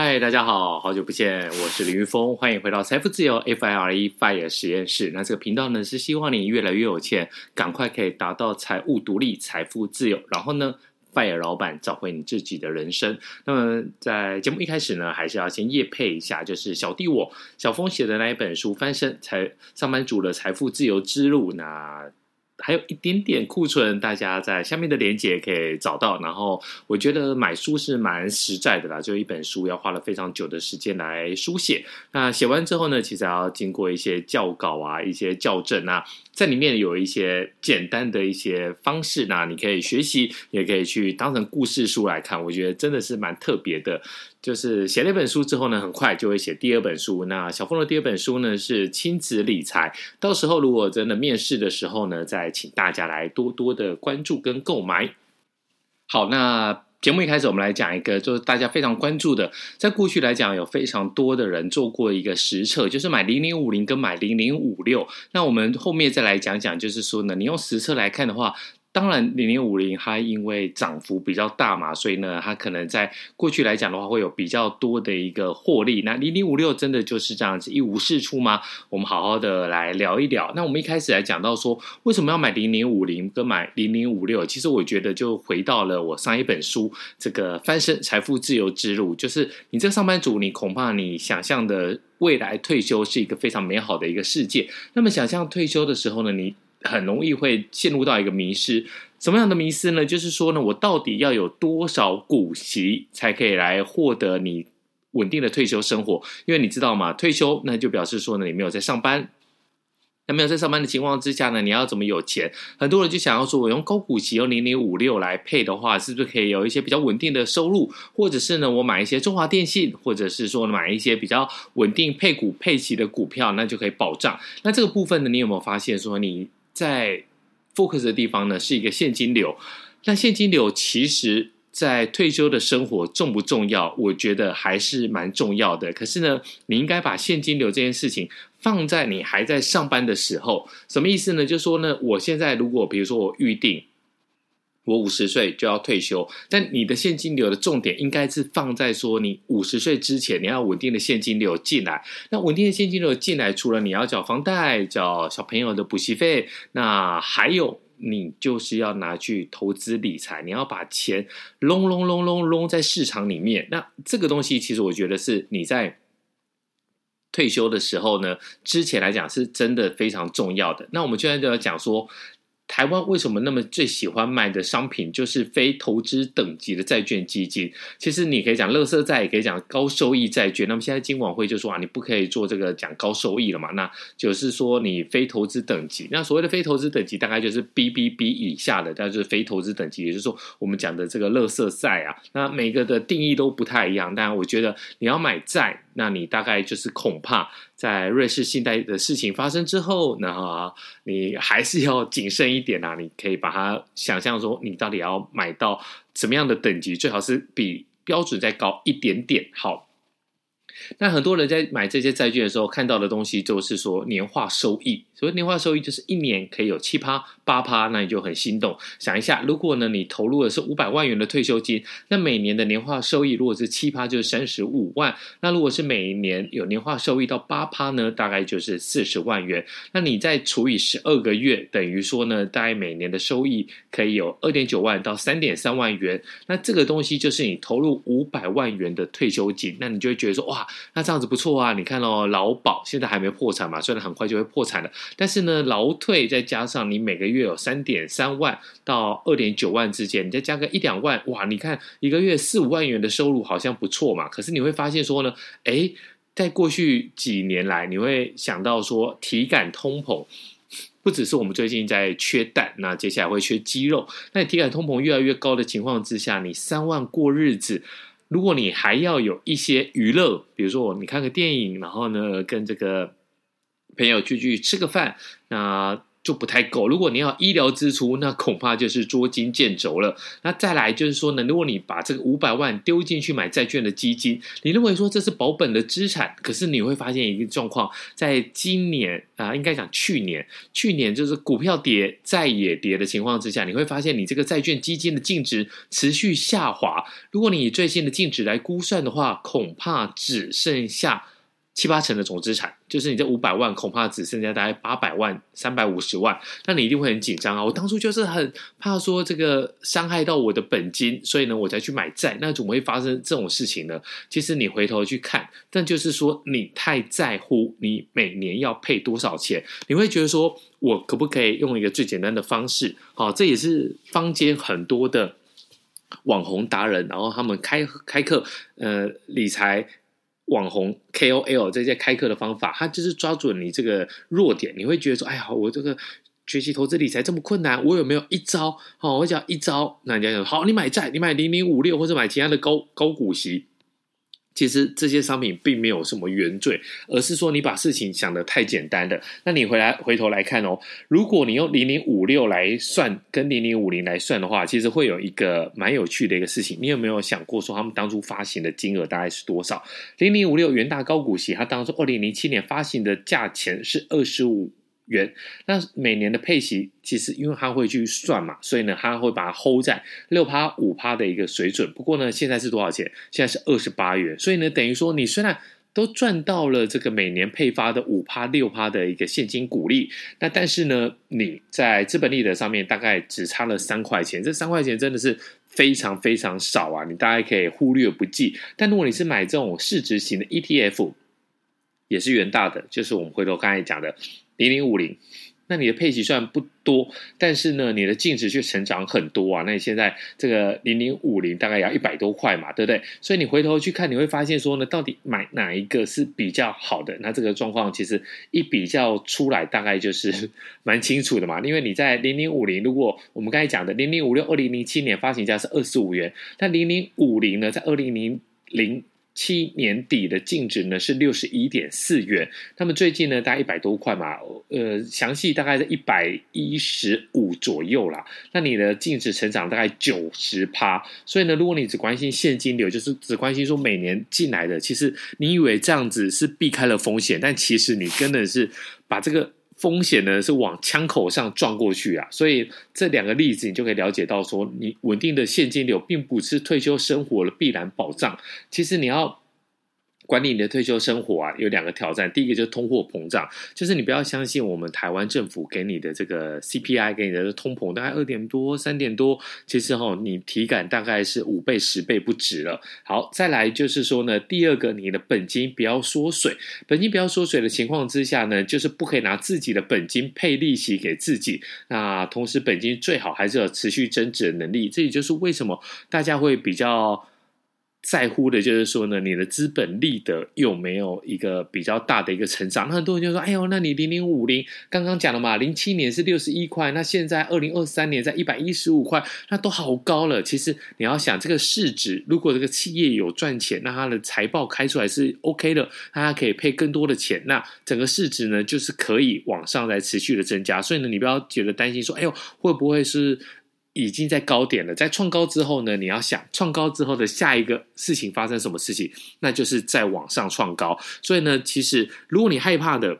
嗨，大家好，好久不見，我是林裕豐，歡迎回到財富自由 FIRE FIRE 實驗室。那這個頻道呢，是希望你越來越有錢，趕快可以達到財務獨立、財富自由，然後呢，FIRE 老闆找回你自己的人生。那麼在節目一開始呢，還是要先業配一下，就是小弟我小豐寫的那一本書《翻身財上班族的財富自由之路》。那還有一點點庫存，大家在下面的鏈接可以找到。然後我覺得買書是蠻實在的啦，就一本書要花了非常久的時間來書寫。那寫完之後呢，其實還要經過一些校稿啊、一些校正啊，在裡面有一些簡單的一些方式呢，你可以學習，也可以去當成故事書來看。我覺得真的是蠻特別的。就是寫了一本書之後呢，很快就會寫第二本書。那小豐的第二本書呢，是親子理財。到時候如果真的面試的時候呢，再請大家來多多的關注跟購買。好，那節目一開始我們來講一個，就是大家非常關注的，在過去來講有非常多的人做過一個實測，就是買零零五零跟買零零五六。那我們後面再來講講，就是說呢，你用實測來看的話。當然，零零五零它因為漲幅比較大嘛，所以呢，它可能在過去來講的話，會有比較多的一個獲利。那零零五六真的就是這樣子一無是處嗎？我們好好的來聊一聊。那我們一開始來講到說，為什麼要買零零五零跟買零零五六？其實我覺得就回到了我上一本書這個《翻身財富自由之路》，就是你這上班族，你恐怕你想象的未來退休是一個非常美好的一個世界。那麼想象退休的時候呢，你。很容易會陷入到一個迷思。什麼樣的迷思呢？就是說呢，我到底要有多少股息才可以來獲得你穩定的退休生活？因為你知道嘛，退休那就表示說呢，你沒有在上班，那沒有在上班的情況之下呢，你要怎麼有錢？很多人就想要說，我用高股息，用零零五六來配的話，是不是可以有一些比較穩定的收入？或者是呢，我買一些中華電信，或者是說買一些比較穩定配股配息的股票，那就可以保障。那這個部分呢，你有沒有發現說你？在 focus 的地方呢，是一個現金流。那現金流其實，在退休的生活重不重要？我覺得還是蠻重要的。可是呢，你應該把現金流這件事情放在你還在上班的時候。什麼意思呢？就是說呢，我現在如果，比如說我預定。我五十歲就要退休，但你的現金流的重點應該是放在說，你五十歲之前你要穩定的現金流進來。那穩定的現金流進來，除了你要繳房貸、繳小朋友的補習費，那還有你就是要拿去投資理財。你要把錢攏攏攏攏攏在市場裡面。那這個東西其實我覺得是你在退休的時候呢，之前來講是真的非常重要的。那我們現在就要講說。台灣為什麼那麼最喜歡賣的商品就是非投資等級的債券基金？其實你可以講垃圾債，也可以講高收益債券。那麼現在金管會就說啊，你不可以做這個講高收益了嘛？那就是說你非投資等級。那所謂的非投資等級，大概就是 BBB 以下的，就是非投資等級。也就是說，我們講的這個垃圾債啊，那每個的定義都不太一樣。當然，我覺得你要買債。那你大概就是恐怕在瑞士信貸的事情發生之後，然後你還是要謹慎一點啦、啊。你可以把它想象說，你到底要買到什麼樣的等級，最好是比標準再高一點點，好。那很多人在買這些債券的時候，看到的東西就是說年化收益。所謂年化收益，就是一年可以有七趴八趴，那你就很心動。想一下，如果呢你投入的是五百萬元的退休金，那每年的年化收益如果是七趴，就是三十五萬；那如果是每年有年化收益到八趴呢，大概就是四十萬元。那你再除以十二個月，等於說呢，大概每年的收益可以有二點九萬到三點三萬元。那這個東西就是你投入五百萬元的退休金，那你就會覺得說哇。那這樣子不錯啊，你看哦，勞保現在還沒破產嘛，雖然很快就會破產了，但是呢，勞退再加上你每個月有三點三萬到二點九萬之間，你再加個一兩萬，哇，你看一個月四五萬元的收入好像不錯嘛。可是你會發現說呢，哎、欸，在過去幾年來，你會想到說，體感通膨不只是我們最近在缺蛋，那接下來會缺雞肉。那體感通膨越來越高的情況之下，你三萬過日子。如果你還要有一些娛樂，比如說你看個電影，然後呢，跟這個朋友聚聚吃個飯，那。就不太夠。如果你要醫療支出，那恐怕就是捉襟見肘了。那再來就是說呢，如果你把這個五百萬丟進去買債券的基金，你認為說這是保本的資產，可是你會發現一個狀況，在今年啊、呃，應該講去年，去年就是股票跌，債也跌的情況之下，你會發現你這個債券基金的淨值持續下滑。如果你以最新的淨值來估算的話，恐怕只剩下。七八成的總資產，就是你這五百萬，恐怕只剩下，大概八百萬、三百五十萬，那你一定會很緊張啊！我當初就是很怕說這個傷害到我的本金，所以呢，我才去買債。那怎麼會發生這種事情呢？其實你回頭去看，但就是說你太在乎你每年要配多少錢，你會覺得說我可不可以用一個最簡單的方式？好、啊，這也是坊間很多的網紅達人，然後他們開開課，呃，理財。網紅 KOL 這些開課的方法，他就是抓準你這個弱點，你會覺得說：“哎呀，我這個學習投資理財這麼困難，我有沒有一招？”好、哦，我只要一招，那人家說：“好，你買債，你買零零五六或者買其他的高高股息。”其實這些商品並沒有什麼原罪，而是說你把事情想得太簡單了。那你回來，回頭來看哦，如果你用零零五六來算，跟零零五零來算的話，其實會有一個蠻有趣的一個事情。你有沒有想過說他們當初發行的金額大概是多少？零零五六元大高股息，它當初二零零七年發行的價錢是二十五。元，那每年的配息其實因為他會去算嘛，所以呢，他會把它 hold 在六趴五趴的一個水準。不過呢，現在是多少錢？現在是二十八元。所以呢，等於說你雖然都賺到了這個每年配發的五趴六趴的一個現金股利，那但是呢，你在資本利得上面大概只差了三塊錢。這三塊錢真的是非常非常少啊，你大概可以忽略不計。但如果你是買這種市值型的 ETF，也是元大的，就是我們回頭剛才講的。零零五零，那你的配息雖然不多，但是呢，你的淨值卻成長很多啊。那你現在這個零零五零大概要一百多塊嘛，對不對？所以你回頭去看，你會發現說呢，到底買哪一個是比較好的？那這個狀況其實一比較出來，大概就是蠻清楚的嘛。因為你在零零五零，如果我們剛才講的零零五六，二零零七年發行價是二十五元，但零零五零呢，在二零零零七年底的淨值呢，是六十一點四元，那麼最近呢大概一百多塊嘛，呃，詳細大概在一百一十五左右啦。那你的淨值成長大概九十趴，所以呢，如果你只關心現金流，就是只關心說每年進來的，其實你以為這樣子是避開了風險，但其實你根本是把這個。風險呢是往槍口上撞過去啊，所以這兩個例子你就可以了解到說，說你穩定的現金流並不是退休生活的必然保障，其實你要。管理你的退休生活啊，有兩個挑戰。第一個就是通貨膨脹，就是你不要相信我們台灣政府給你的這個 CPI，給你的通膨大概二點多，三點多，其實齁，你體感大概是五倍、十倍不止了。好，再來就是說呢，第二個你的本金不要縮水，本金不要縮水的情況之下呢，就是不可以拿自己的本金配利息給自己。那同時本金最好還是有持續增值的能力。這也就是為什麼大家會比較。在乎的就是說呢，你的資本利得有沒有一個比較大的一個成長。那很多人就說：“哎呦，那你零零五零剛剛講了嘛，零七年是六十一塊，那現在二零二三年在一百一十五塊，那都好高了。其實你要想，這個市值如果這個企業有賺錢，那它的財報開出來是 OK 的，它可以配更多的錢，那整個市值呢就是可以往上來持續的增加。所以呢，你不要覺得擔心說，哎呦，會不會是？”已經在高點了，在創高之後呢，你要想創高之後的下一個事情發生什麼事情，那就是再往上創高。所以呢，其實如果你害怕的。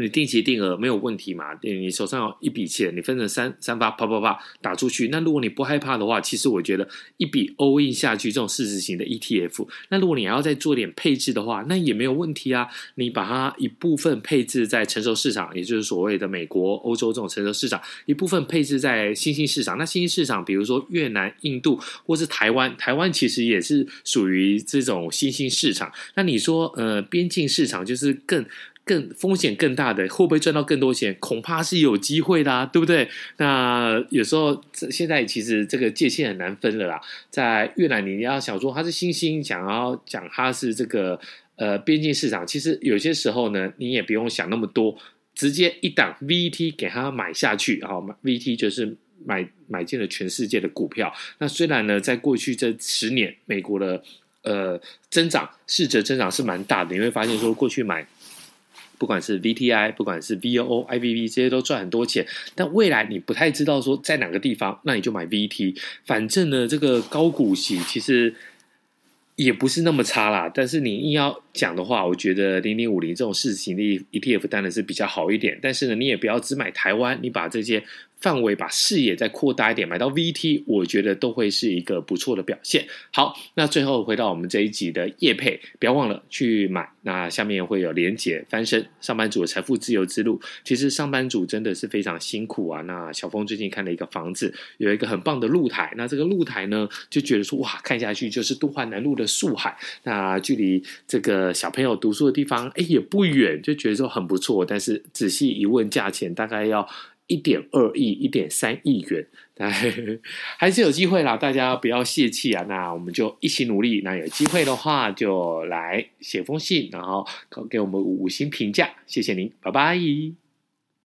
你定期定額沒有問題嘛？你手上有一筆錢，你分成三三八啪啪啪打出去。那如果你不害怕的話，其實我覺得一筆 all in 下去這種市值型的 ETF。那如果你還要再做點配置的話，那也沒有問題啊。你把它一部分配置在成熟市場，也就是所謂的美國、歐洲這種成熟市場；一部分配置在新興市場。那新興市場，比如說越南、印度，或是台灣，台灣其實也是屬於這種新興市場。那你說，呃，邊境市場就是更？更，風險更大的會不會賺到更多錢？恐怕是有機會啦，啊，對不對？那有時候這現在其實這個界限很難分了啦。在越南，你要想說它是新興，想要講它是這個呃邊境市場，其實有些時候呢，你也不用想那麼多，直接一檔 VT 給它買下去啊，哦，VT 就是買買進了全世界的股票。那雖然呢，在過去這十年，美國的呃增長市值增長是蠻大的，你會發現說過去買。不管是 VTI，不管是 VOO、IVV 這些都賺很多錢，但未來你不太知道說在哪個地方，那你就買 VT。反正呢，這個高股息其實也不是那麼差啦。但是你硬要講的話，我覺得零零五零這種市值型的 ETF 當然是比較好一點。但是呢，你也不要只買台灣，你把這些。範圍把視野再擴大一點，買到 VT，我覺得都會是一個不錯的表現。好，那最後回到我們這一集的業配，不要忘了去買。那下面會有連結翻身上班族的財富自由之路。其實上班族真的是非常辛苦啊。那小峰最近看了一個房子，有一個很棒的露台。那這個露台呢，就覺得說哇，看下去就是敦化南路的樹海。那距離這個小朋友讀書的地方，誒也不遠，就覺得說很不錯。但是仔細一問，價錢大概要。一點二億、一點三億元。但是，還是有機會啦！大家不要洩氣啊！那我們就一起努力。那有機會的話，就來寫封信，然後給我們五星評價，謝謝您，拜拜。